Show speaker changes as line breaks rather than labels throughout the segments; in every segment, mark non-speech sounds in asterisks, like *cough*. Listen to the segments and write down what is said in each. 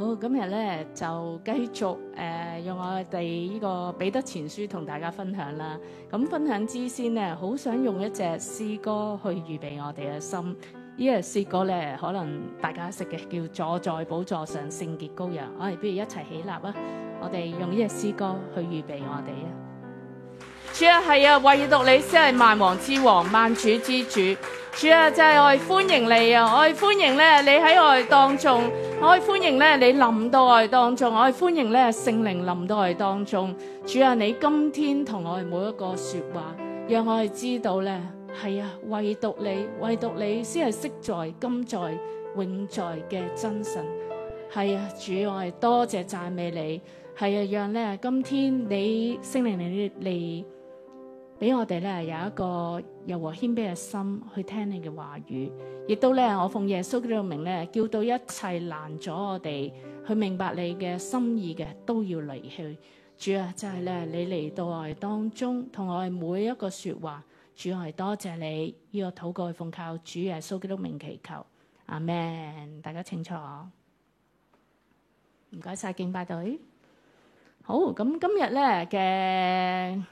好，今日咧就繼續誒、呃、用我哋呢、這個彼得前書同大家分享啦。咁分享之先咧，好想用一隻詩歌去預備我哋嘅心。呢隻詩歌咧，可能大家識嘅叫在寶坐在寶座上聖潔羔羊。哎、啊，不如一齊起,起立啊！我哋用呢隻詩歌去預備我哋啊！主啊，係啊，唯獨你先係萬王之王，萬主之主。主啊，就係我哋歡迎你啊！我哋歡迎咧，你喺我哋當中；我哋歡迎咧，你臨到我哋當中；我哋歡迎咧，聖靈臨到我哋當中。主啊，你今天同我哋每一個說話，讓我哋知道咧，係啊，唯獨你，唯獨你先係昔在今在永在嘅真神。係啊，主啊，我哋多謝讚美你。係啊，讓咧，今天你聖靈你你俾我哋咧有一個。又和謙卑嘅心去聽你嘅話語，亦都咧，我奉耶穌基督名咧，叫到一切攔阻我哋去明白你嘅心意嘅，都要離去。主啊，就係咧，你嚟到我哋當中，同我哋每一個說話。主啊，多謝你。呢個禱告奉靠主耶穌基督名祈求，阿門。大家請坐，唔該晒敬拜隊。好，咁今日咧嘅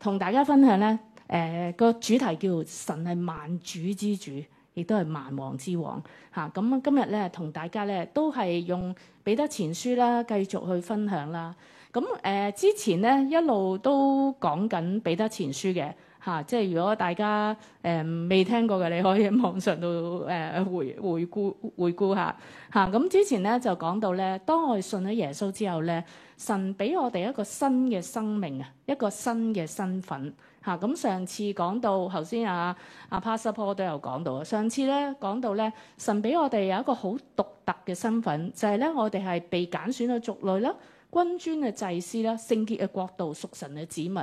同大家分享咧。誒、呃，那個主題叫神係萬主之主，亦都係萬王之王嚇。咁、啊、今日咧，同大家咧都係用彼得前書啦，繼續去分享啦。咁、啊、誒之前咧一路都講緊彼得前書嘅嚇、啊，即係如果大家誒未、呃、聽過嘅，你可以喺網上度誒、呃、回回顧回顧下嚇。咁、啊、之前咧就講到咧，當我哋信咗耶穌之後咧，神俾我哋一個新嘅生命啊，一個新嘅身份。咁、啊、上次講到，頭先啊啊 Passport 都有講到啊。上次咧講到咧，神俾我哋有一個好獨特嘅身份，就係、是、咧我哋係被揀選嘅族類啦、君尊嘅祭司啦、聖潔嘅國度、屬神嘅子民。咁、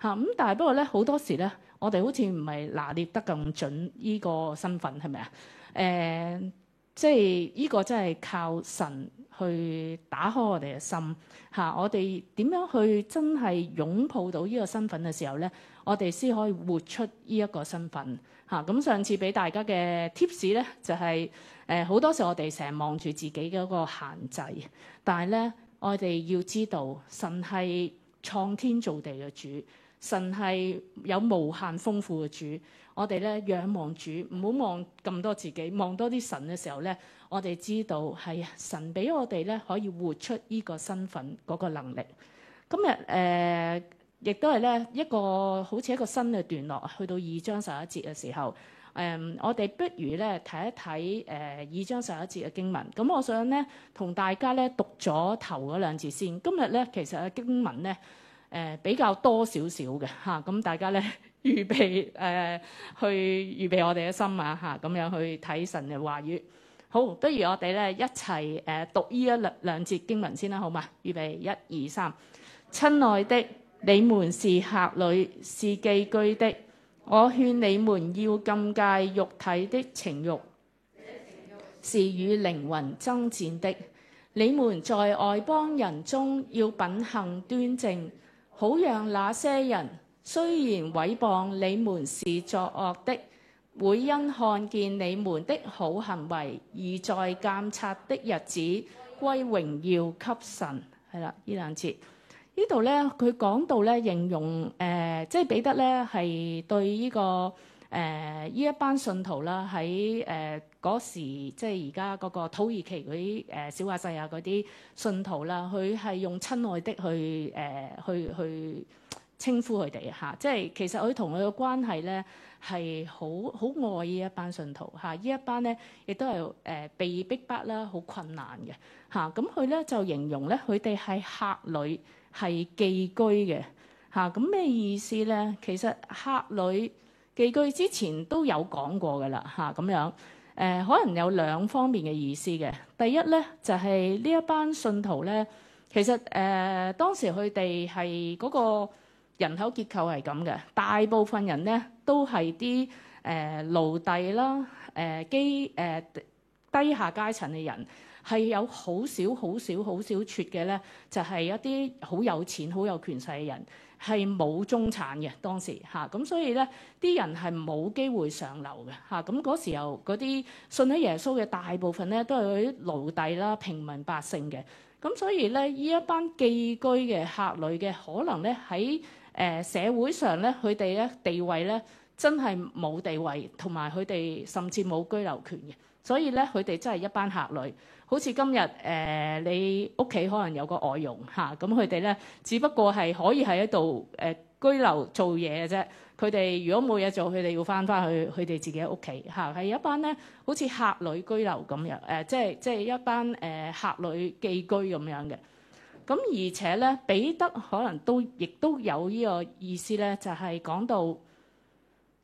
啊，但係不過咧好多時咧，我哋好似唔係拿捏得咁準呢個身份係咪啊？誒，即係呢個真係靠神去打開我哋嘅心。啊、我哋點樣去真係擁抱到呢個身份嘅時候咧？我哋先可以活出呢一個身份嚇。咁、啊、上次俾大家嘅 tips 咧，就係誒好多時我哋成日望住自己嗰個限制，但係咧我哋要知道，神係創天造地嘅主，神係有無限豐富嘅主。我哋咧仰望主，唔好望咁多自己，望多啲神嘅時候咧，我哋知道係神俾我哋咧可以活出呢個身份嗰個能力。今日誒。呃亦都係咧一個好似一個新嘅段落，去到二章十一節嘅時候，誒、嗯、我哋不如咧睇一睇誒、呃、二章十一節嘅經文。咁我想咧同大家咧讀咗頭嗰兩節先。今日咧其實嘅經文咧誒、呃、比較多少少嘅嚇，咁、啊、大家咧預備誒、呃、去預備我哋嘅心啊嚇，咁樣去睇神嘅話語。好，不如我哋咧一齊誒、呃、讀呢一兩兩節經文先啦，好嘛？預備一二三，親愛的。你們是客旅，是寄居的。我勸你們要禁戒肉體的情慾，是與靈魂爭戰的。你們在外邦人中要品行端正，好讓那些人雖然毀謗你們是作惡的，會因看見你們的好行為而在監察的日子歸榮耀給神。係啦，呢兩節。這呢度咧，佢講到咧，形容誒、呃，即係彼得咧，係對呢、這個誒呢、呃、一班信徒啦，喺誒嗰時，即係而家嗰個土耳其嗰啲誒小亞細亞嗰啲信徒啦，佢係用親愛的去誒、呃、去去稱呼佢哋嚇，即係其實佢同佢嘅關係咧係好好愛呢一班信徒嚇，啊、這一呢一班咧亦都係誒、呃、被迫不啦，好困難嘅嚇，咁佢咧就形容咧，佢哋係客旅。係寄居嘅，嚇，咁咩意思咧？其實客旅寄居之前都有講過㗎啦，嚇、啊、咁樣誒、呃，可能有兩方面嘅意思嘅。第一咧就係、是、呢一班信徒咧，其實誒、呃、當時佢哋係嗰個人口結構係咁嘅，大部分人咧都係啲誒奴隸啦、誒、呃、基誒、呃、低下階層嘅人。係有好少、好少、好少缺嘅咧，就係一啲好有錢、好有權勢嘅人，係冇中產嘅當時嚇，咁所以咧啲人係冇機會上流嘅嚇，咁嗰時候嗰啲信喺耶穌嘅大部分咧都係啲奴隸啦、平民百姓嘅，咁所以咧呢一班寄居嘅客旅嘅可能咧喺誒社會上咧佢哋咧地位咧真係冇地位，同埋佢哋甚至冇居留權嘅。所以咧，佢哋真係一班客旅，好似今日誒、呃，你屋企可能有個外傭嚇，咁佢哋咧，只不過係可以喺一度誒居留做嘢嘅啫。佢哋如果冇嘢做，佢哋要翻返去佢哋自己屋企嚇，係、啊、一班咧，好似客旅居留咁樣誒、呃，即係即係一班誒、呃、客旅寄居咁樣嘅。咁、啊、而且咧，彼得可能都亦都有呢個意思咧，就係、是、講到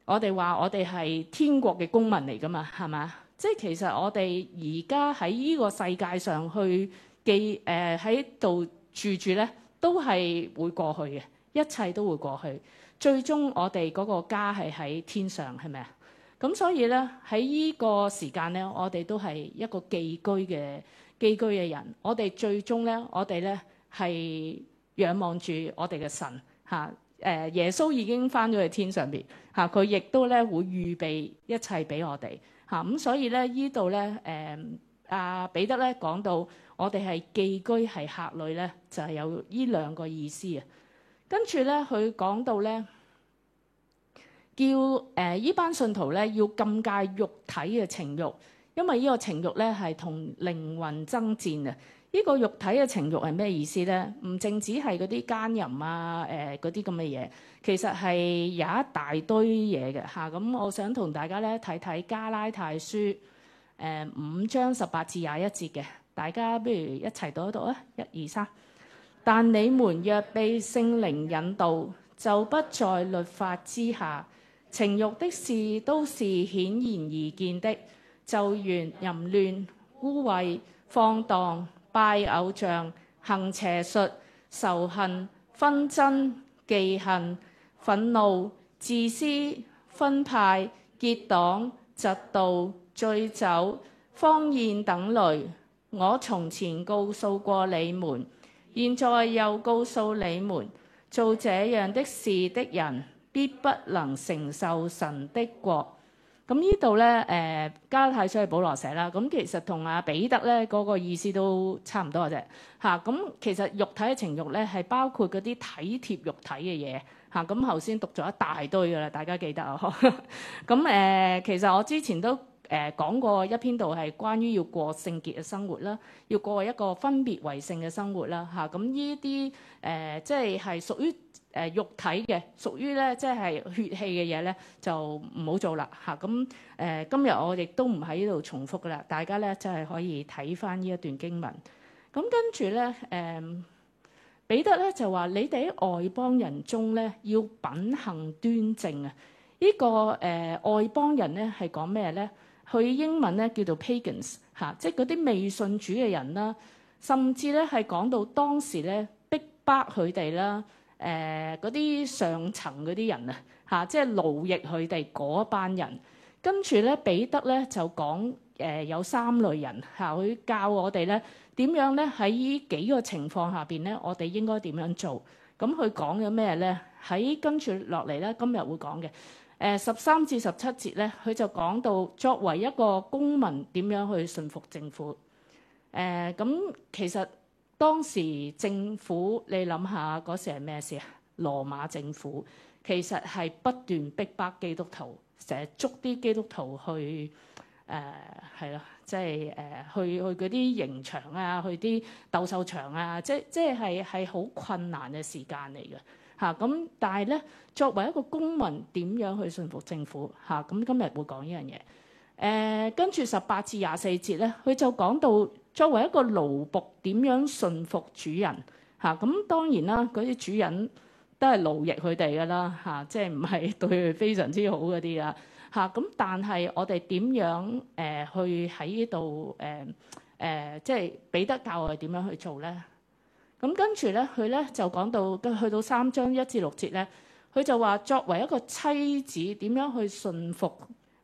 我哋話我哋係天國嘅公民嚟噶嘛，係嘛？即係其實我哋而家喺呢個世界上去寄誒喺度住住咧，都係會過去嘅，一切都會過去。最終我哋嗰個家係喺天上，係咪啊？咁所以咧喺呢在這個時間咧，我哋都係一個寄居嘅寄居嘅人。我哋最終咧，我哋咧係仰望住我哋嘅神嚇誒、啊。耶穌已經返咗去天上邊嚇，佢、啊、亦都咧會預備一切畀我哋。嚇、嗯、咁所以咧，呢度咧，誒、嗯、阿、啊、彼得咧講到，我哋係寄居係客旅咧，就係、是、有呢兩個意思啊。跟住咧，佢講到咧，叫誒依、呃、班信徒咧要禁戒肉體嘅情慾，因為呢個情慾咧係同靈魂爭戰啊。呢、這個肉體嘅情慾係咩意思呢？唔淨止係嗰啲奸淫啊，誒嗰啲咁嘅嘢，其實係有一大堆嘢嘅嚇。咁、啊、我想同大家咧睇睇加拉太書誒五、呃、章十八至廿一節嘅，大家不如一齊讀一讀啊！一、二、三，但你們若被聖靈引導，就不在律法之下，情慾的事都是顯然而見的，就如淫亂、污穢、放蕩。拜偶像、行邪術、仇恨、紛爭、忌恨、憤怒、自私、分派、結黨、嫉妒、醉酒、荒宴等類，我從前告訴過你們，現在又告訴你們，做這樣的事的人，必不能承受神的國。咁呢度咧，誒加拉太書嘅保羅社啦，咁其實同阿彼得咧嗰、那個意思都差唔多嘅啫，嚇、啊、咁其實肉體嘅情慾咧係包括嗰啲體貼肉體嘅嘢，嚇咁頭先讀咗一大堆嘅啦，大家記得啊，咁、呃、其實我之前都誒講、呃、過一篇度係關於要過聖潔嘅生活啦，要過一個分別為聖嘅生活啦，嚇咁呢啲誒即係係屬於。誒、呃、肉體嘅屬於咧，即係血氣嘅嘢咧，就唔好做啦嚇。咁、啊、誒、啊，今日我亦都唔喺呢度重複噶啦，大家咧就係、是、可以睇翻呢一段經文。咁、啊、跟住咧，誒、嗯、彼得咧就話：你哋喺外邦人中咧要品行端正啊！呢、這個誒、呃、外邦人咧係講咩咧？佢英文咧叫做 pagans 嚇、啊，即係嗰啲未信主嘅人啦，甚至咧係講到當時咧逼迫佢哋啦。誒嗰啲上層嗰啲人啊，嚇，即係奴役佢哋嗰一班人。跟住咧，彼得咧就講誒、呃、有三類人嚇，佢、啊、教我哋咧點樣咧喺依幾個情況下邊咧，我哋應該點樣做？咁佢講咗咩咧？喺跟住落嚟咧，今日會講嘅誒十三至十七節咧，佢就講到作為一個公民點樣去順服政府。誒、呃、咁其實。當時政府，你諗下嗰時係咩事啊？羅馬政府其實係不斷逼迫，迫基督徒，成日捉啲基督徒去誒係咯，即係誒去去嗰啲刑場啊，去啲鬥獸場啊，即即係係好困難嘅時間嚟嘅嚇。咁、啊、但係咧，作為一個公民，點樣去順服政府嚇？咁、啊、今日會講呢樣嘢。誒、呃，跟住十八至廿四節咧，佢就講到。作為一個奴僕，點樣順服主人？嚇、啊、咁當然啦，嗰啲主人都係奴役佢哋㗎啦，嚇、啊、即係唔係對佢非常之好嗰啲啦嚇咁。但係我哋點樣誒、呃、去喺呢度誒誒，即、呃、係、呃就是、彼得教我哋點樣去做咧？咁、啊、跟住咧，佢咧就講到去到三章一至六節咧，佢就話作為一個妻子點樣去順服，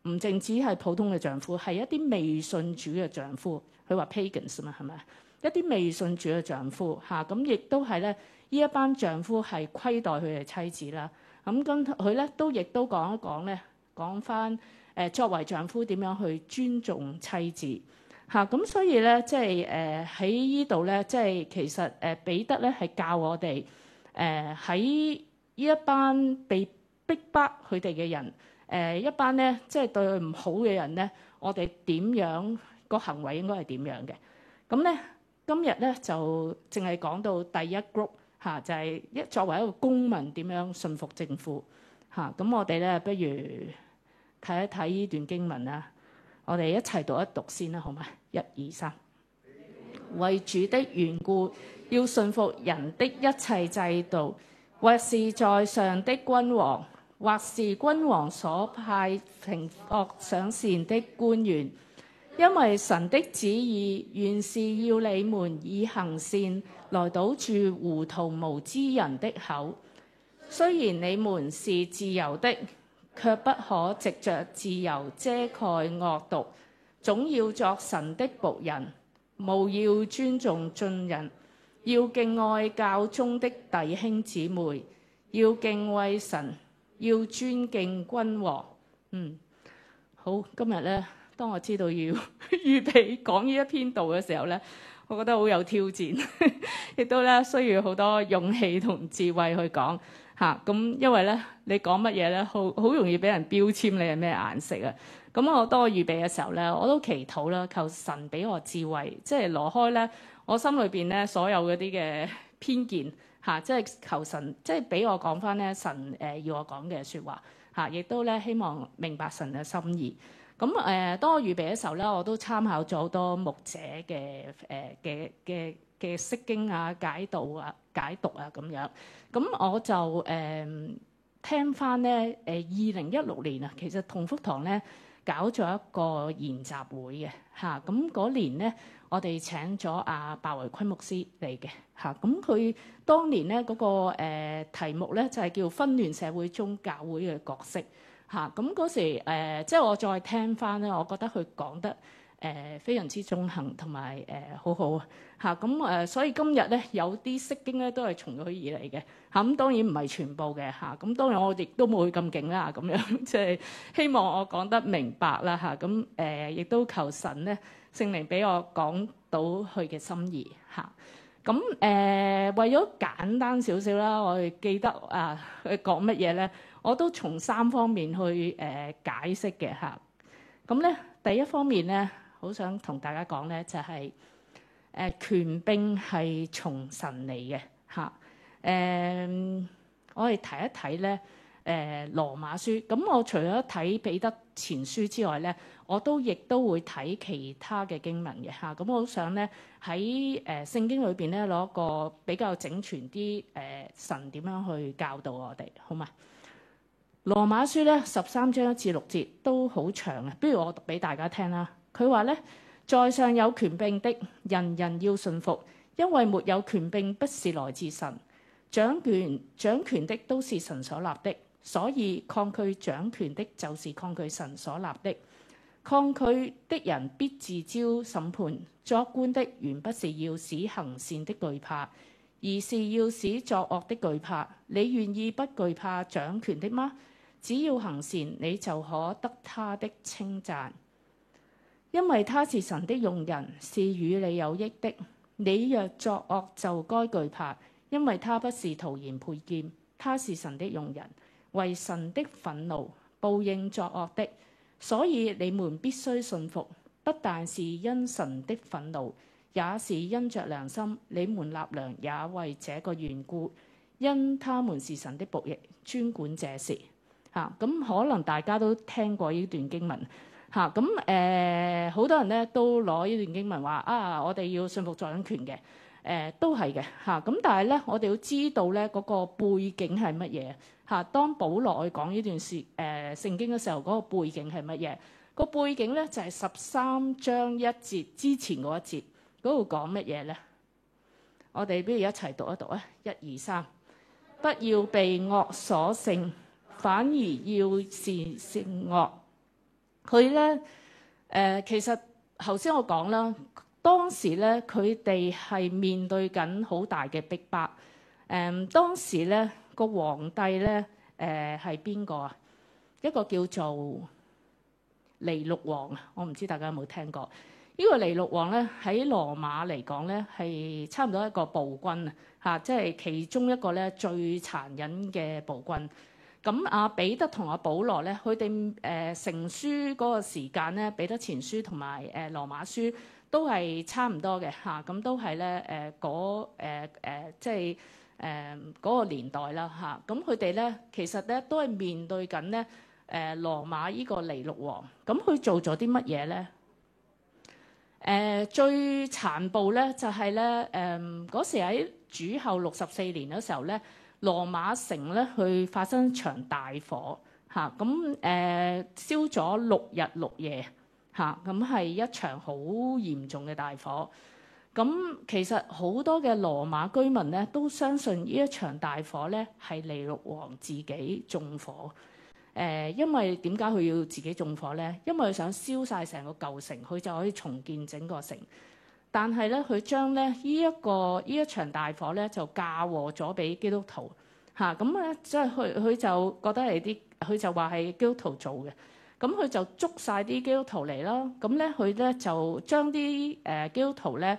唔淨止係普通嘅丈夫，係一啲未信主嘅丈夫。佢話 pagans 嘛係咪？一啲未信主嘅丈夫嚇，咁、啊、亦都係咧。呢一班丈夫係虧待佢嘅妻子啦。咁咁佢咧都亦都講一講咧，講翻誒作為丈夫點樣去尊重妻子嚇。咁、啊、所以咧，即係誒喺依度咧，即、呃、係、就是、其實誒、呃、彼得咧係教我哋誒喺呢一班被逼迫佢哋嘅人誒一班咧，即係對佢唔好嘅人咧，我哋點樣？個行為應該係點樣嘅？咁呢，今日呢，就淨係講到第一 group、啊、就係、是、一作為一個公民點樣順服政府嚇。咁、啊、我哋呢，不如睇一睇呢段經文啦，我哋一齊讀一讀先啦，好嗎？一、二、三，為主的緣故，要順服人的一切制度，或是在上的君王，或是君王所派懲惡賞善的官員。因為神的旨意原是要你們以行善來堵住糊塗無知人的口。雖然你們是自由的，卻不可藉着自由遮蓋惡毒，總要作神的僕人。務要尊重眾人，要敬愛教中的弟兄姊妹，要敬畏神，要尊敬君王。嗯，好，今日呢。當我知道要預備講呢一篇道嘅時候咧，我覺得好有挑戰，亦都咧需要好多勇氣同智慧去講嚇。咁因為咧，你講乜嘢咧，好好容易俾人標籤你係咩顏色啊！咁我當我預備嘅時候咧，我都祈禱啦，求神俾我智慧，即係挪開咧我心裏邊咧所有嗰啲嘅偏見嚇，即係求神，即係俾我講翻咧神誒要我講嘅説話嚇，亦都咧希望明白神嘅心意。咁誒，當我預備嘅時候咧，我都參考咗好多牧者嘅誒嘅嘅嘅釋經啊、解讀啊、解讀啊咁樣。咁我就誒聽翻咧誒，二零一六年啊，其實同福堂咧搞咗一個研習會嘅嚇。咁嗰年咧，我哋請咗阿白維奎牧師嚟嘅嚇。咁佢當年咧嗰個誒題目咧就係叫《紛亂社會中教會嘅角色》。嚇，咁嗰時誒，即係我再聽翻咧，我覺得佢講得誒非常之中肯同埋誒好好啊。嚇咁誒，所以今日咧有啲釋經咧都係從佢而嚟嘅。嚇咁，當然唔係全部嘅。嚇咁，當然我亦都冇佢咁勁啦，咁樣，即係希望我講得明白啦。嚇咁誒，亦都求神咧聖靈俾我講到佢嘅心意。嚇咁誒，為咗簡單少少啦，我哋記得啊佢講乜嘢咧？我都從三方面去誒、呃、解釋嘅嚇。咁咧第一方面咧，好想同大家講咧，就係、是、誒、呃、權柄係從神嚟嘅嚇。誒、呃，我哋睇一睇咧誒《羅、呃、馬書》。咁我除咗睇彼得前書之外咧，我都亦都會睇其他嘅經文嘅嚇。咁我好想咧喺誒聖經裏邊咧攞一個比較整全啲誒神點樣去教導我哋，好嘛？羅馬書咧十三章一至六節都好長啊，不如我讀俾大家聽啦。佢話咧，在上有權柄的，人人要信服，因為沒有權柄不是來自神，掌權掌權的都是神所立的，所以抗拒掌權的就是抗拒神所立的。抗拒的人必自招審判。作官的原不是要使行善的懼怕，而是要使作惡的懼怕。你願意不懼怕掌權的嗎？只要行善，你就可得他的稱讚，因為他是神的用人，是與你有益的。你若作惡，就該懼怕，因為他不是徒然佩劍，他是神的用人，為神的憤怒報應作惡的。所以你們必須信服，不但是因神的憤怒，也是因着良心。你們納糧也為這個緣故，因他們是神的僕役，專管這事。咁、啊、可能大家都聽過呢段經文，嚇咁誒，好、呃、多人咧都攞呢段經文話啊，我哋要信服作人權嘅，誒、啊、都係嘅，嚇、啊、咁但係咧，我哋要知道咧嗰、那個背景係乜嘢嚇？當保羅去講呢段説誒聖經嘅時候，嗰、嗰個背景係乜嘢？嗰個背景咧就係十三章一節之前嗰一節嗰度講乜嘢咧？我哋不如一齊讀一讀啊！一二三， *noise* 不要被惡所勝。反而要善善惡，佢咧誒，其實頭先我講啦，當時咧佢哋係面對緊好大嘅逼迫。誒、呃，當時咧個皇帝咧誒係邊個啊？一個叫做尼禄王啊，我唔知道大家有冇聽過呢、這個尼禄王咧喺羅馬嚟講咧係差唔多一個暴君啊，嚇！即係其中一個咧最殘忍嘅暴君。咁阿彼得同阿保羅咧，佢哋誒成書嗰個時間咧，彼得前書同埋誒羅馬書都係差唔多嘅嚇，咁、啊、都係咧誒嗰誒即係誒嗰個年代啦嚇，咁佢哋咧其實咧都係面對緊咧、呃、羅馬依個尼祿王，咁佢做咗啲乜嘢咧？誒最殘暴咧就係咧誒嗰時喺主後六十四年嘅時候咧。羅馬城咧，佢發生一場大火嚇，咁誒燒咗六日六夜嚇，咁係一場好嚴重嘅大火。咁其實好多嘅羅馬居民咧，都相信呢一場大火咧係尼祿王自己縱火。誒，因為點解佢要自己縱火咧？因為佢想燒晒成個舊城，佢就可以重建整個城。但係咧，佢將咧呢一個呢一場大火咧，就嫁禍咗俾基督徒，嚇咁咧，即係佢佢就覺得係啲，佢就話係基督徒做嘅。咁佢就捉曬啲基督徒嚟咯，咁咧佢咧就將啲誒基督徒咧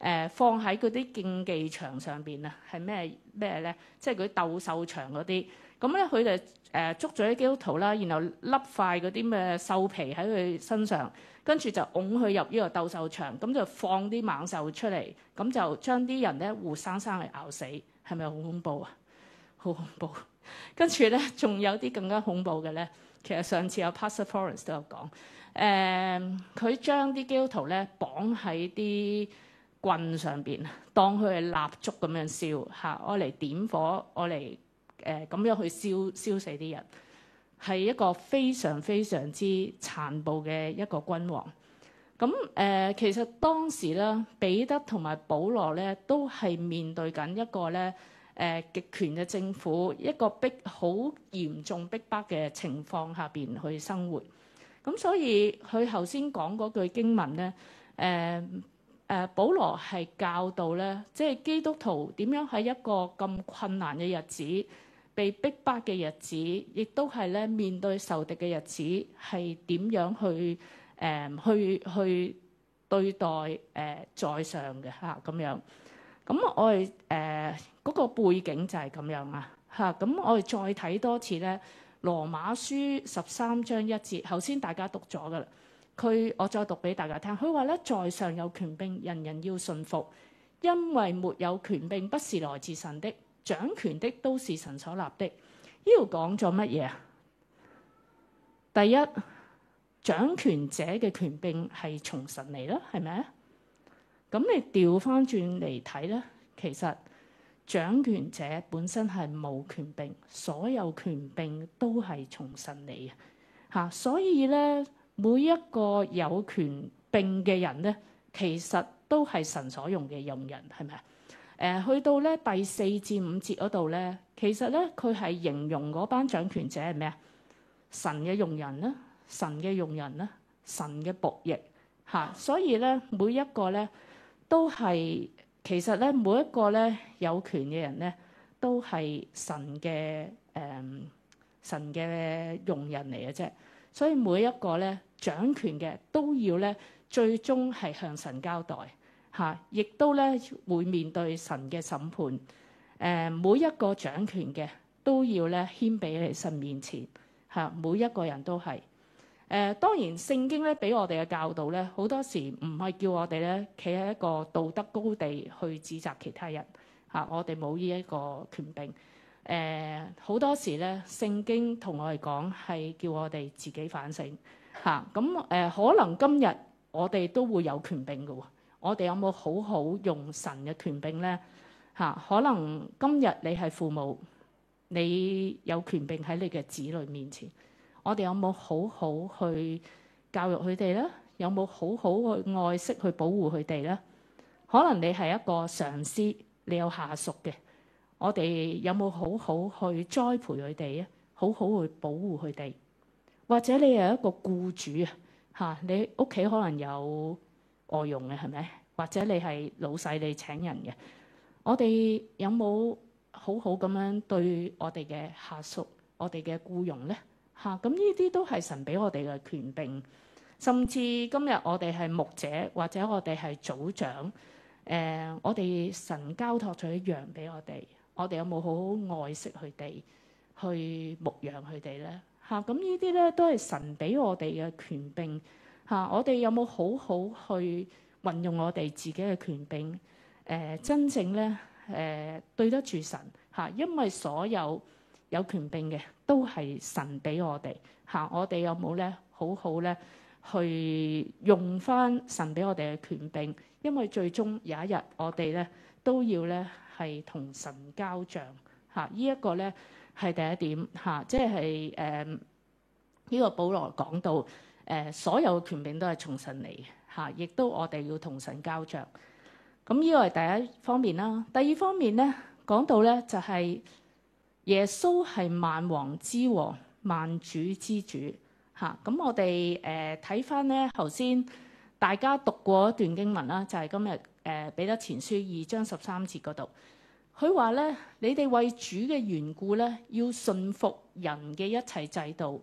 誒放喺嗰啲競技場上邊啊，係咩咩咧？即係嗰啲鬥獸場嗰啲。咁咧佢就誒捉咗啲基督徒啦，然後甩塊嗰啲咩獸皮喺佢身上。跟住就拱佢入呢個鬥獸場，咁就放啲猛獸出嚟，咁就將啲人咧活生生去咬死，係咪好恐怖啊？好恐怖！跟住咧，仲有啲更加恐怖嘅咧，其實上次有 Pastor Florence 都有講，誒、嗯，佢將啲基督徒咧綁喺啲棍上邊，當佢係蠟燭咁樣燒嚇，我嚟點火，我嚟誒咁樣去燒燒死啲人。係一個非常非常之殘暴嘅一個君王。咁誒、呃，其實當時咧，彼得同埋保羅咧，都係面對緊一個咧誒極權嘅政府，一個逼好嚴重逼迫嘅情況下邊去生活。咁所以佢頭先講嗰句經文咧，誒、呃、誒、呃，保羅係教導咧，即係基督徒點樣喺一個咁困難嘅日子。被逼迫嘅日子，亦都係咧面對仇敵嘅日子，係點樣去誒去去對待誒在上嘅嚇咁樣？咁我哋誒嗰個背景就係咁樣啊嚇！咁我哋再睇多次咧，《羅馬書》十三章一節，頭先大家讀咗噶啦。佢我再讀俾大家聽，佢話咧，在上有權柄，人人要信服，因為沒有權柄不是來自神的。掌權的都是神所立的，呢度講咗乜嘢？第一，掌權者嘅權柄係從神嚟啦，係咪？咁你調返轉嚟睇咧，其實掌權者本身係冇權柄，所有權柄都係從神嚟啊！嚇，所以咧，每一個有權柄嘅人咧，其實都係神所用嘅用人，係咪？誒、呃、去到咧第四至五節嗰度咧，其實咧佢係形容嗰班掌權者係咩啊？神嘅用人咧，神嘅用人咧，神嘅僕役嚇。所以咧，每一個咧都係其實咧每一個咧有權嘅人咧都係神嘅誒、呃、神嘅用人嚟嘅啫。所以每一個咧掌權嘅都要咧最終係向神交代。嚇，亦都咧會面對神嘅審判。誒，每一個掌權嘅都要咧，牽俾嚟神面前嚇。每一個人都係誒，當然聖經咧俾我哋嘅教導咧，好多時唔係叫我哋咧，企喺一個道德高地去指責其他人嚇。我哋冇呢一個權柄誒，好多時咧聖經同我哋講係叫我哋自己反省嚇。咁誒，可能今日我哋都會有權柄嘅喎。我哋有冇好好用神嘅權柄咧？嚇，可能今日你係父母，你有權柄喺你嘅子女面前。我哋有冇好好去教育佢哋咧？有冇好好去愛惜去保護佢哋咧？可能你係一個上司，你有下屬嘅。我哋有冇好好去栽培佢哋啊？好好去保護佢哋。或者你係一個僱主啊？嚇，你屋企可能有。外傭嘅係咪？或者你係老細你請人嘅？我哋有冇好好咁樣對我哋嘅下屬、我哋嘅僱傭咧？吓、啊，咁呢啲都係神俾我哋嘅權柄。甚至今日我哋係牧者，或者我哋係組長，誒、呃，我哋神交託咗羊俾我哋，我哋有冇好好愛惜佢哋，去牧養佢哋咧？吓、啊，咁呢啲咧都係神俾我哋嘅權柄。嚇、啊！我哋有冇好好去運用我哋自己嘅權柄？誒、呃，真正咧誒、呃，對得住神嚇、啊，因為所有有權柄嘅都係神俾我哋嚇、啊。我哋有冇咧好好咧去用返神俾我哋嘅權柄？因為最終有一日我哋咧都要咧係同神交賬嚇。呢、啊、一、這個咧係第一點嚇、啊，即係誒呢個保羅講到。誒，所有的權柄都係從神嚟嘅，亦都我哋要同神交著。咁呢個係第一方面啦。第二方面咧，講到咧就係耶穌係萬王之王、萬主之主，嚇、啊！咁我哋誒睇翻咧頭先大家讀過一段經文啦，就係、是、今日誒彼得前書二章十三節嗰度，佢話咧：你哋為主嘅緣故咧，要順服人嘅一切制度。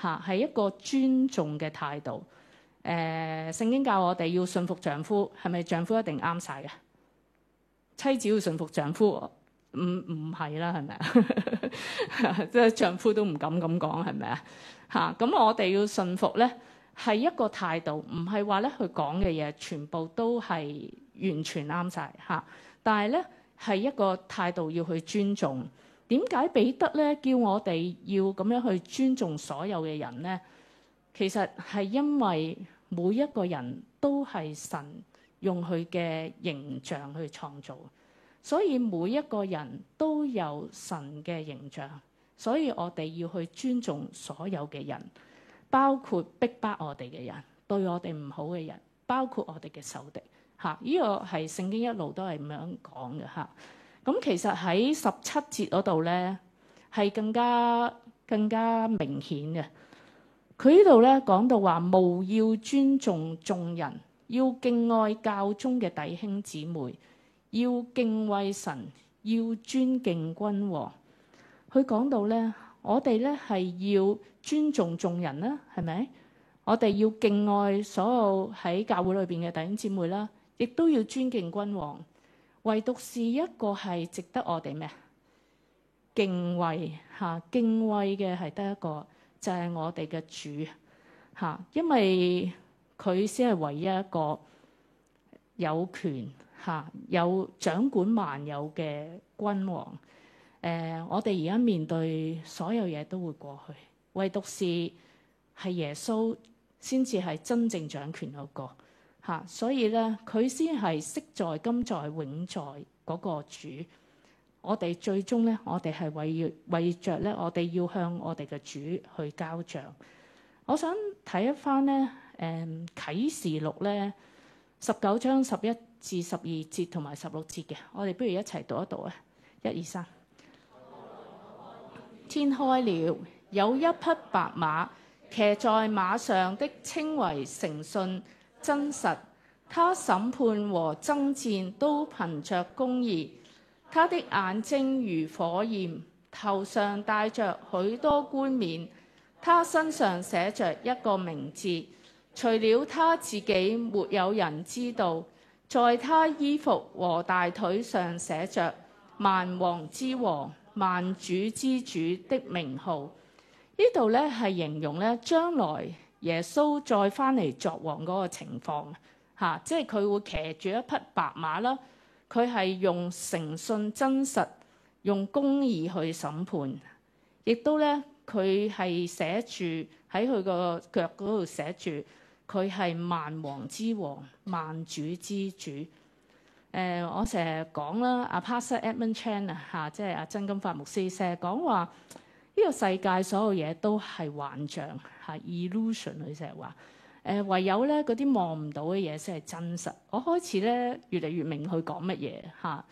嚇，係一個尊重嘅態度。誒，聖經教我哋要信服丈夫，係咪丈夫一定啱晒嘅？妻子要信服丈夫，唔唔係啦，係咪啊？即係 *laughs* 丈夫都唔敢咁講，係咪啊？嚇，咁我哋要信服咧，係一個態度，唔係話咧佢講嘅嘢全部都係完全啱晒嚇、啊。但係咧，係一個態度要去尊重。點解彼得咧叫我哋要咁樣去尊重所有嘅人呢？其實係因為每一個人都係神用佢嘅形象去創造，所以每一個人都有神嘅形象，所以我哋要去尊重所有嘅人，包括逼迫我哋嘅人、對我哋唔好嘅人，包括我哋嘅仇敵。吓，呢個係聖經一路都係咁樣講嘅。吓。咁其實喺十七節嗰度咧，係更加更加明顯嘅。佢呢度咧講到話，務要尊重眾人，要敬愛教中嘅弟兄姊妹，要敬畏神，要尊敬君王。佢講到咧，我哋咧係要尊重眾人啦，係咪？我哋要敬愛所有喺教會裏邊嘅弟兄姊妹啦，亦都要尊敬君王。唯獨是一個係值得我哋咩？敬畏吓，敬畏嘅係得一個，就係、是、我哋嘅主吓，因為佢先係唯一一個有權吓、有掌管萬有嘅君王。誒、呃，我哋而家面對所有嘢都會過去，唯獨是係耶穌先至係真正掌權嗰個。嚇、啊，所以咧，佢先係昔在今在永在嗰個主。我哋最終咧，我哋係為要為著咧，我哋要向我哋嘅主去交賬。我想睇一番咧，誒、嗯、啟示錄咧十九章十一至十二節同埋十六節嘅，我哋不如一齊讀一讀啊！一、二、三，天開了，有一匹白馬騎在馬上的，稱為誠信。真實，他審判和爭戰都憑着公義。他的眼睛如火焰，頭上戴着許多冠冕。他身上寫着一個名字，除了他自己，沒有人知道。在他衣服和大腿上寫着「萬王之王」、「萬主之主」的名號。呢度呢係形容咧將來耶穌再翻嚟作王嗰個情況嚇、啊，即係佢會騎住一匹白馬啦。佢係用誠信真實、用公義去審判，亦都咧佢係寫住喺佢個腳嗰度寫住，佢係萬王之王、萬主之主。誒、呃，我成日講啦，阿 Pastor Edmund Chan 啊嚇，即係阿曾金發牧師說說，成日講話。呢、這個世界所有嘢都係幻象，嚇、啊、illusion 佢成日話。誒、呃，唯有咧嗰啲望唔到嘅嘢先係真實。我開始咧越嚟越明佢講乜嘢嚇。誒、啊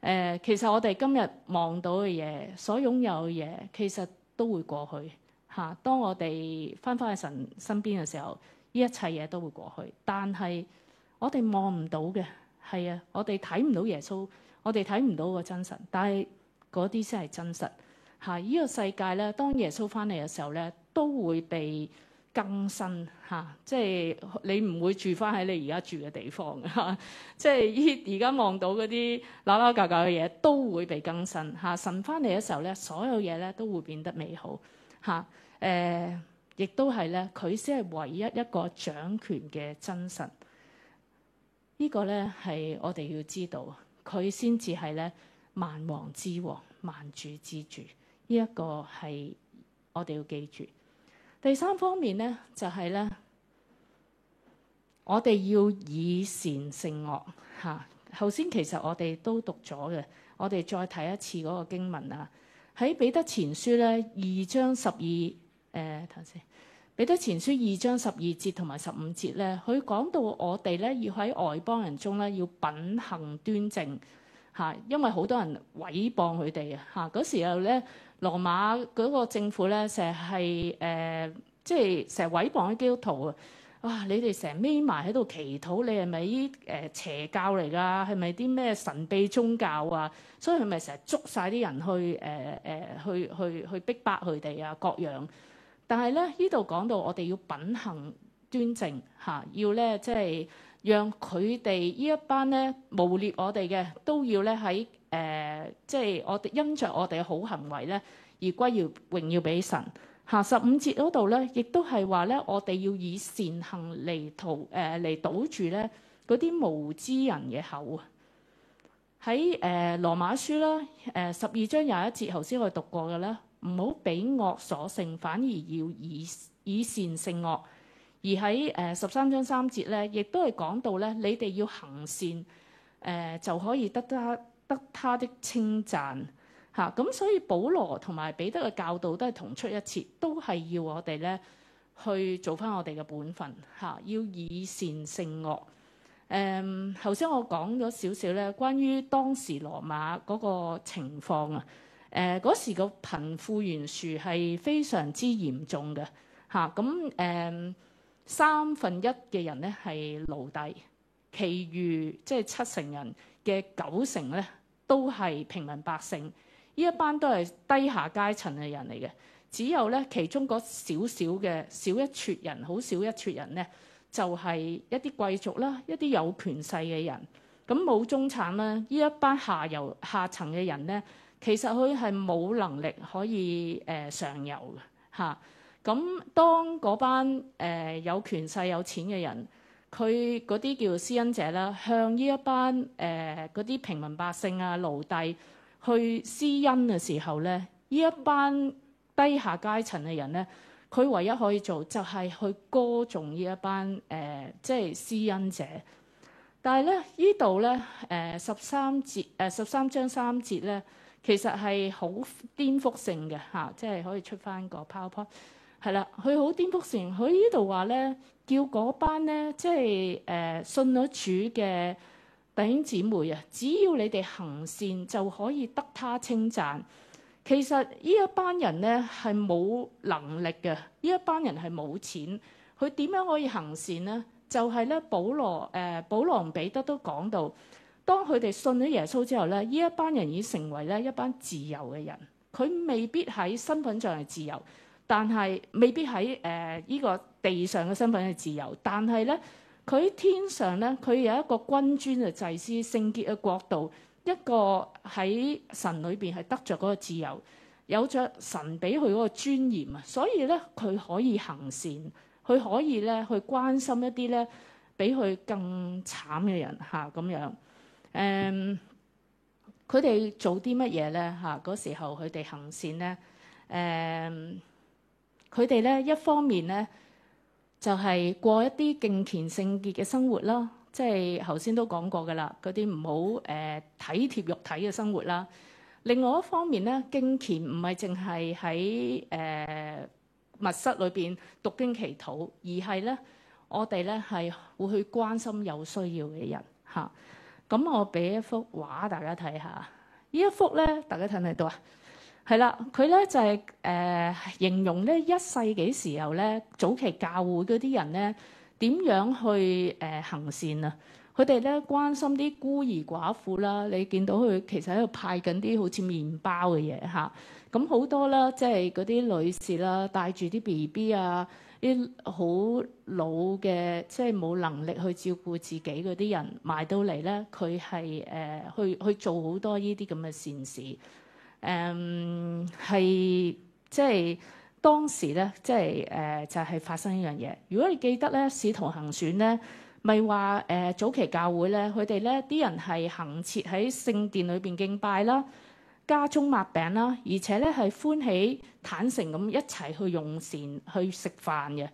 呃，其實我哋今日望到嘅嘢，所擁有嘅嘢，其實都會過去嚇、啊。當我哋翻返去神身邊嘅時候，呢一切嘢都會過去。但係我哋望唔到嘅，係啊，我哋睇唔到耶穌，我哋睇唔到個真實。但係嗰啲先係真實。嚇！依個世界咧，當耶穌翻嚟嘅時候咧，都會被更新嚇。即係你唔會住翻喺你而家住嘅地方嚇。即係依而家望到嗰啲爛爛舊舊嘅嘢，都會被更新嚇。神翻嚟嘅時候咧，所有嘢咧都會變得美好嚇。誒，亦都係咧，佢先係唯一一個掌權嘅真神。呢、這個咧係我哋要知道，佢先至係咧萬王之王、萬主之主。呢、這、一個係我哋要記住。第三方面咧，就係、是、咧，我哋要以善勝惡嚇。頭、啊、先其實我哋都讀咗嘅，我哋再睇一次嗰個經文啊。喺彼得前書咧二章十二誒，等、呃、先。彼得前書二章十二節同埋十五節咧，佢講到我哋咧要喺外邦人中咧要品行端正嚇、啊，因為好多人毀謗佢哋啊嚇嗰時候咧。羅馬嗰個政府咧，成日係誒，即係成日毀謗啲基督徒啊！哇！你哋成日匿埋喺度祈禱，你係咪啲誒邪教嚟㗎？係咪啲咩神秘宗教啊？所以佢咪成日捉晒啲人去誒誒、呃、去去去逼迫佢哋啊各樣。但係咧，呢度講到我哋要品行端正嚇、啊，要咧即係。讓佢哋呢一班咧誣衊我哋嘅都要咧喺誒，即、呃、係、就是、我哋因着我哋嘅好行為咧，而歸耀榮耀俾神。下十五節嗰度咧，亦都係話咧，我哋要以善行嚟逃誒，嚟、呃、堵住咧嗰啲無知人嘅口啊！喺誒、呃、羅馬書啦，誒十二章廿一節頭先我哋讀過嘅咧，唔好俾惡所勝，反而要以以善勝惡。而喺誒十三章三節咧，亦都係講到咧，你哋要行善誒、呃、就可以得他得他的稱讚嚇。咁、啊、所以，保羅同埋彼得嘅教導都係同出一轍，都係要我哋咧去做返我哋嘅本分嚇、啊，要以善勝惡。誒、啊，頭先我講咗少少咧，關於當時羅馬嗰個情況啊。誒，嗰時個貧富懸殊係非常之嚴重嘅嚇。咁、啊、誒。三分一嘅人咧係奴隸，其餘即係七成人嘅九成咧都係平民百姓，呢一班都係低下階層嘅人嚟嘅。只有咧其中嗰少少嘅少一撮人，好少一撮人咧就係、是、一啲貴族啦，一啲有權勢嘅人。咁冇中產啦，呢一班下游下層嘅人咧，其實佢係冇能力可以誒、呃、上游嘅嚇。咁當嗰班誒、呃、有權勢有錢嘅人，佢嗰啲叫施恩者啦，向呢一班誒嗰啲平民百姓啊奴隸去施恩嘅時候咧，呢一班低下階層嘅人咧，佢唯一可以做就係去歌頌呢一班誒、呃，即係施恩者。但係咧，這裡呢度咧誒十三節誒十三章三節咧，其實係好顛覆性嘅嚇、啊，即係可以出翻個 PowerPoint。係啦，佢好顛覆性，佢呢度話咧，叫嗰班咧，即係誒、呃、信咗主嘅弟兄姊妹啊，只要你哋行善就可以得他稱讚。其實呢一班人咧係冇能力嘅，呢一班人係冇錢，佢點樣可以行善咧？就係、是、咧，保羅誒、呃、保羅彼得都講到，當佢哋信咗耶穌之後咧，呢一班人已成為咧一班自由嘅人，佢未必喺身份上係自由。但係未必喺誒依個地上嘅身份係自由，但係咧佢天上咧佢有一個君尊嘅祭司聖潔嘅國度，一個喺神裏邊係得着嗰個自由，有著神俾佢嗰個尊嚴啊！所以咧佢可以行善，佢可以咧去關心一啲咧比佢更慘嘅人嚇咁、啊、樣誒。佢、嗯、哋做啲乜嘢咧嚇？嗰、啊、時候佢哋行善咧誒。嗯佢哋咧一方面咧就係、是、過一啲敬虔聖潔嘅生活啦，即係頭先都講過㗎啦，嗰啲唔好誒體貼肉體嘅生活啦。另外一方面咧，敬虔唔係淨係喺誒密室裏邊讀經祈禱，而係咧我哋咧係會去關心有需要嘅人嚇。咁、啊、我俾一幅畫大家睇下，呢一幅咧大家睇唔睇到啊？係啦，佢咧就係、是、誒、呃、形容咧一世紀時候咧，早期教會嗰啲人咧點樣去誒、呃、行善啊。佢哋咧關心啲孤兒寡婦啦，你見到佢其實喺度派緊啲好似麵包嘅嘢嚇。咁、啊、好、嗯、多啦，即係嗰啲女士啦，帶住啲 B B 啊，啲好老嘅即係冇能力去照顧自己嗰啲人，埋到嚟咧，佢係誒去去做好多呢啲咁嘅善事。誒、um, 係即係當時咧，即係誒、呃、就係、是、發生一樣嘢。如果你記得咧，圖呢《使徒行傳》咧、呃，咪話誒早期教會咧，佢哋咧啲人係恆切喺聖殿裏邊敬拜啦，家中擘餅啦，而且咧係歡喜坦誠咁一齊去用膳去食飯嘅。誒、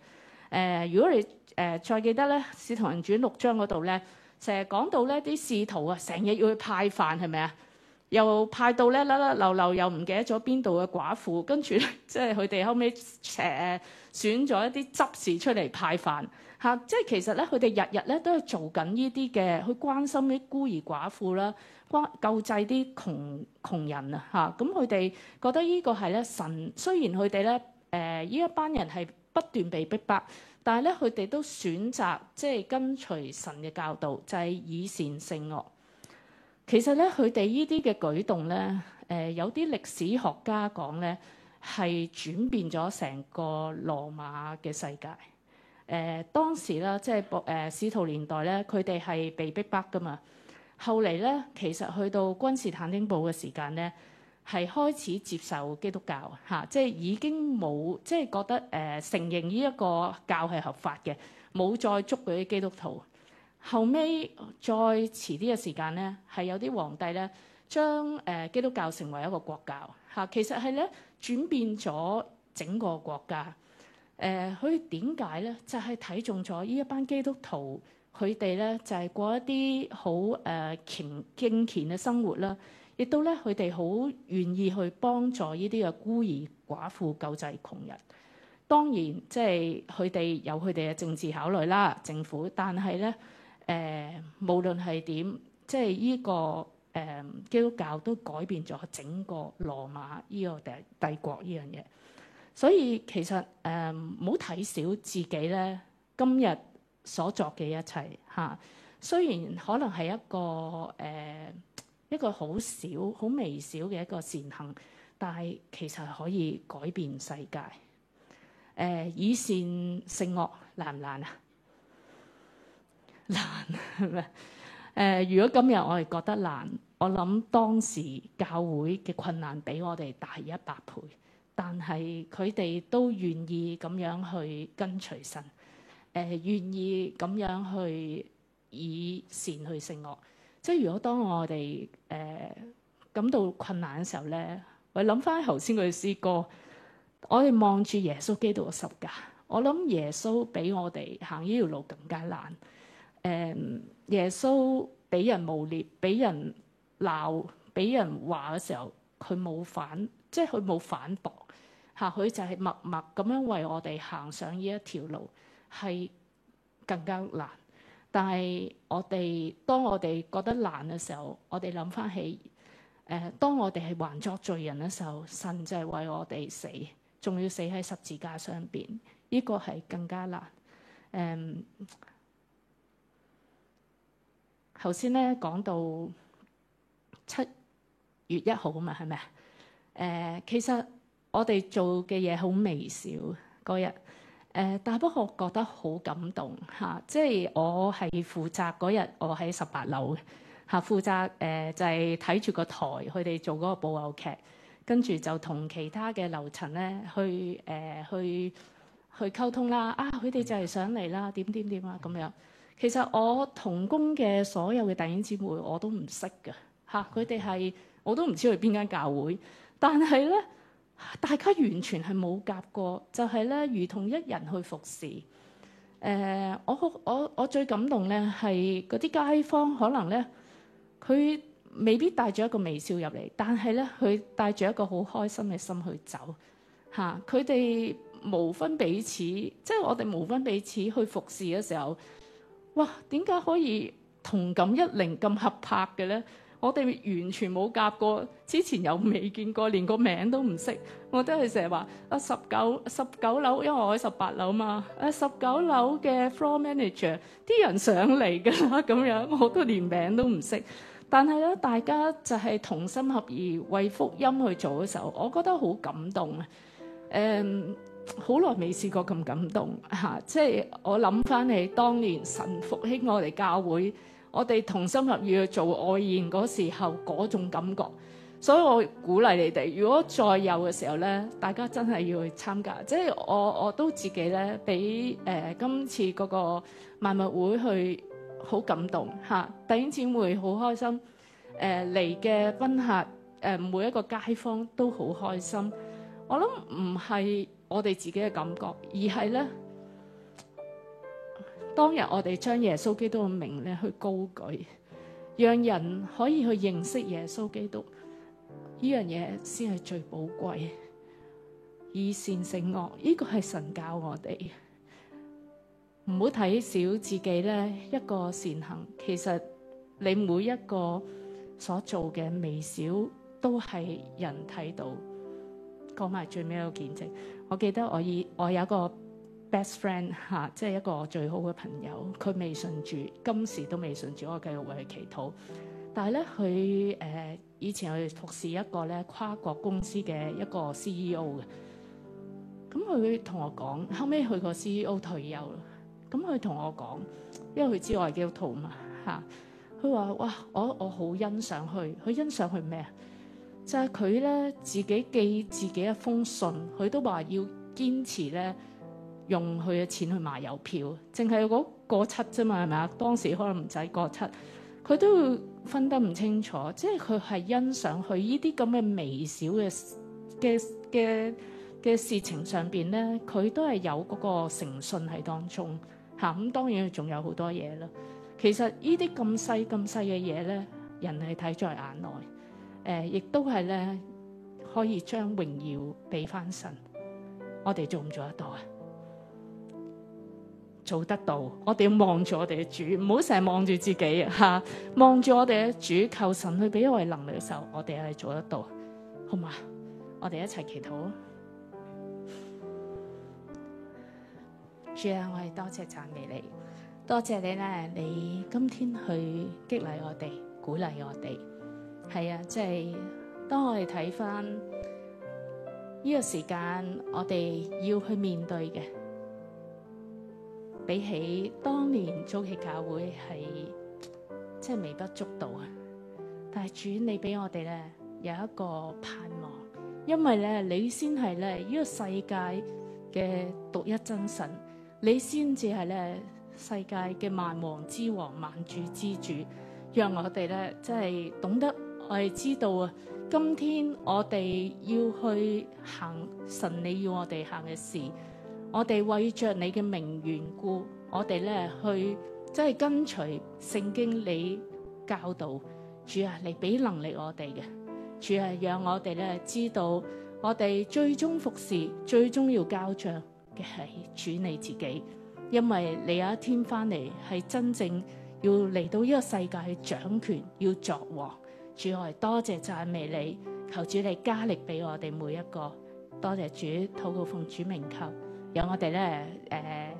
呃，如果你誒、呃、再記得咧，《使徒行傳》六章嗰度咧，成日講到咧啲使徒啊，成日要去派飯係咪啊？是又派到咧啦啦流流，又唔記得咗邊度嘅寡婦，跟住咧即係佢哋後尾誒選咗一啲執事出嚟派飯、嚇、即係其實咧佢哋日日咧都係做緊呢啲嘅，去關心啲孤兒寡婦啦，關、啊、救濟啲窮，窮人啊，咁佢哋覺得呢個係咧神，雖然佢哋咧誒呢一班人係不斷被逼迫，但係咧佢哋都選擇即係跟隨神嘅教導，就係、係、以善勝惡。其實咧，佢哋呢啲嘅舉動咧，誒、呃、有啲歷史學家講咧，係轉變咗成個羅馬嘅世界。誒、呃、當時咧，即係博誒使徒年代咧，佢哋係被逼迫噶嘛。後嚟咧，其實去到君士坦丁堡嘅時間咧，係開始接受基督教嚇，即、啊、係、就是、已經冇即係覺得誒、呃、承認呢一個教係合法嘅，冇再捉嗰啲基督徒。後尾再遲啲嘅時間咧，係有啲皇帝咧，將誒、呃、基督教成為一個國教嚇。其實係咧，轉變咗整個國家誒。佢點解咧？就係、是、睇中咗呢一班基督徒，佢哋咧就係、是、過一啲好誒虔敬虔嘅生活啦，亦都咧佢哋好願意去幫助呢啲嘅孤兒寡婦、救濟窮人。當然即係佢哋有佢哋嘅政治考慮啦，政府，但係咧。誒、呃，無論係點，即係呢、這個誒、呃、基督教都改變咗整個羅馬呢個帝帝國呢樣嘢。所以其實誒，唔好睇小自己咧，今日所作嘅一切吓、啊，雖然可能係一個誒、呃、一個好少好微小嘅一個善行，但係其實可以改變世界。誒、呃，以善勝惡難唔難啊？難係咪？誒、呃，如果今日我哋覺得難，我諗當時教會嘅困難比我哋大一百倍，但係佢哋都願意咁樣去跟隨神，誒、呃，願意咁樣去以善去勝惡。即係如果當我哋誒、呃、感到困難嘅時候咧，我諗翻頭先嗰啲詩歌，我哋望住耶穌基督嘅十架，我諗耶穌比我哋行呢條路更加難。誒、um,，耶穌俾人誣衊、俾人鬧、俾人話嘅時候，佢冇反，即係佢冇反駁，吓佢就係默默咁樣為我哋行上呢一條路，係更加難。但係我哋當我哋覺得難嘅時候，我哋諗翻起，誒，當我哋係還作罪人嘅時候，神就係為我哋死，仲要死喺十字架上邊，呢、這個係更加難。誒、um,。頭先咧講到七月一號吖嘛，係咪啊？誒、呃，其實我哋做嘅嘢好微小嗰日，誒、呃，但係不過覺得好感動嚇、啊。即係我係負責嗰日，我喺十八樓嚇負責誒、呃，就係睇住個台，佢哋做嗰個布偶劇，跟住就同其他嘅樓層咧去誒、呃、去去溝通啦。啊，佢哋就係上嚟啦，點點點啊咁樣。其實我同工嘅所有嘅弟兄姊妹我都唔識嘅嚇。佢哋係我都唔知去邊間教會，但係咧，大家完全係冇夾過，就係咧，如同一人去服侍。呃、我好我我最感動咧係嗰啲街坊，可能咧佢未必帶住一個微笑入嚟，但係咧佢帶住一個好開心嘅心去走嚇。佢哋無分彼此，即係我哋無分彼此去服侍嘅時候。哇，點解可以同感一零咁合拍嘅咧？我哋完全冇夾過，之前又未見過，連個名都唔識。我都係成日話啊，十九十九樓，因為我喺十八樓嘛。啊，十九樓嘅 floor manager，啲人上嚟㗎啦，咁樣我都連名都唔識。但係咧，大家就係同心合意為福音去做嘅時候，我覺得好感動啊。嗯。好耐未試過咁感動嚇，即、啊、係、就是、我諗返起當年神復興我哋教會，我哋同心合意去做愛宴嗰時候嗰種感覺，所以我鼓勵你哋，如果再有嘅時候咧，大家真係要去參加。即、就、係、是、我我都自己咧，俾誒、呃、今次嗰個賣物會去好感動嚇、啊。弟兄姊妹好開心誒嚟嘅賓客誒、呃、每一個街坊都好開心。我諗唔係。我哋自己嘅感覺，而係咧當日我哋將耶穌基督嘅名咧去高舉，讓人可以去認識耶穌基督呢樣嘢，先係最寶貴。以善勝惡，呢、這個係神教我哋唔好睇小自己咧一個善行。其實你每一個所做嘅微小，都係人睇到，講埋最尾一個見證。我記得我以我有一個 best friend 嚇、啊，即係一個最好嘅朋友，佢未信主，今時都未信主。我繼續為佢祈禱。但係咧，佢誒、呃、以前佢服侍一個咧跨國公司嘅一個 CEO 嘅。咁佢同我講，後尾佢個 CEO 退休啦。咁佢同我講，因為佢知我係基督徒嘛嚇。佢話，哇，我我好欣賞佢，佢欣賞佢咩啊？就係佢咧，自己寄自己一封信，佢都話要堅持咧，用佢嘅錢去買郵票，淨係嗰七啫嘛，係咪啊？當時可能唔使嗰七，佢都會分得唔清楚，即係佢係欣賞佢呢啲咁嘅微小嘅嘅嘅嘅事情上邊咧，佢都係有嗰個誠信喺當中嚇。咁、啊嗯、當然仲有好多嘢咯。其實這些這麼這麼的東西呢啲咁細咁細嘅嘢咧，人係睇在眼內。誒、呃，亦都係咧，可以將榮耀俾翻神。我哋做唔做得到啊？做得到，我哋要望住我哋嘅主，唔好成日望住自己吓，啊，望住我哋嘅主，求神去俾一位能力嘅時候，我哋係做得到，好嘛？我哋一齊祈禱啊！主啊，我哋多謝讚美你，多謝你咧，你今天去激勵我哋，鼓勵我哋。係啊，即係當我哋睇翻呢個時間，我哋要去面對嘅，比起當年早期教會係，即係微不足道啊。但係主你，你俾我哋咧有一個盼望，因為咧你先係咧呢、這個世界嘅獨一真神，你先至係咧世界嘅萬王之王、萬主之主，讓我哋咧即係懂得。我哋知道啊！今天我哋要去行神，你要我哋行嘅事，我哋為着你嘅名緣故，我哋咧去即係跟隨聖經你教導主啊嚟俾能力我哋嘅主啊，讓我哋咧知道我哋最終服侍、最終要交賬嘅係主你自己，因為你有一天翻嚟係真正要嚟到呢個世界去掌權，要作王。主愛多謝讚美你，求主你加力俾我哋每一個，多謝主禱告奉主名求，讓我哋咧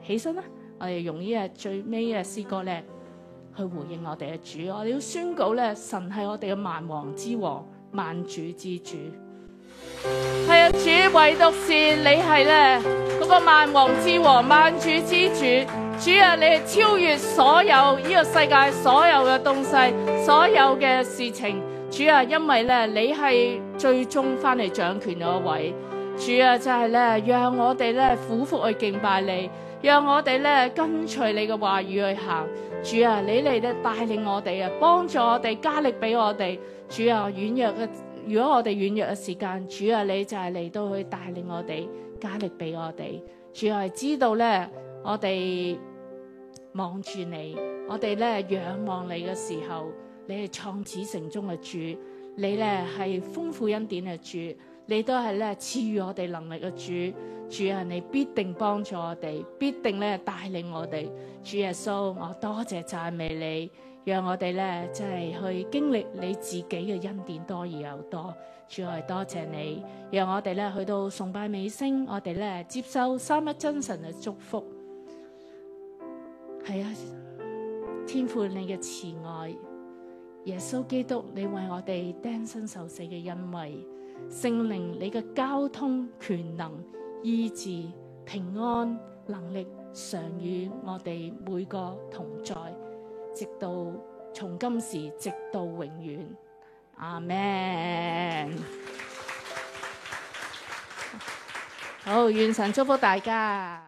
誒起身啦，我哋用呢日最尾嘅詩歌咧去回應我哋嘅主，我哋要宣告咧神係我哋嘅萬王之王，萬主之主。係啊，主唯獨是你係咧嗰個萬王之王，萬主之主。主啊，你係超越所有呢個世界所有嘅東西，所有嘅事情。主啊，因為咧你係最終翻嚟掌權嗰一位。主啊，就係、是、咧，讓我哋咧苦苦去敬拜你，讓我哋咧跟隨你嘅話語去行。主啊，你嚟咧帶領我哋啊，幫助我哋，加力俾我哋。主啊，軟弱嘅，如果我哋軟弱嘅時間，主啊，你就係嚟到去帶領我哋，加力俾我哋。主是、啊、知道咧，我哋。望住你，我哋咧仰望你嘅時候，你係創始成終嘅主，你咧係豐富恩典嘅主，你都係咧賜予我哋能力嘅主。主啊，你必定幫助我哋，必定咧帶領我哋。主耶穌，我多謝讚美你，讓我哋咧即係去經歷你自己嘅恩典多而又多。主啊，多謝你，讓我哋咧去到崇拜尾聲，我哋咧接受三一真神嘅祝福。係啊，天父你嘅慈愛，耶穌基督你為我哋釘身受死嘅恩惠，聖靈你嘅交通權能、意志、平安、能力，常與我哋每個同在，直到從今時直到永遠。阿門。好，願神祝福大家。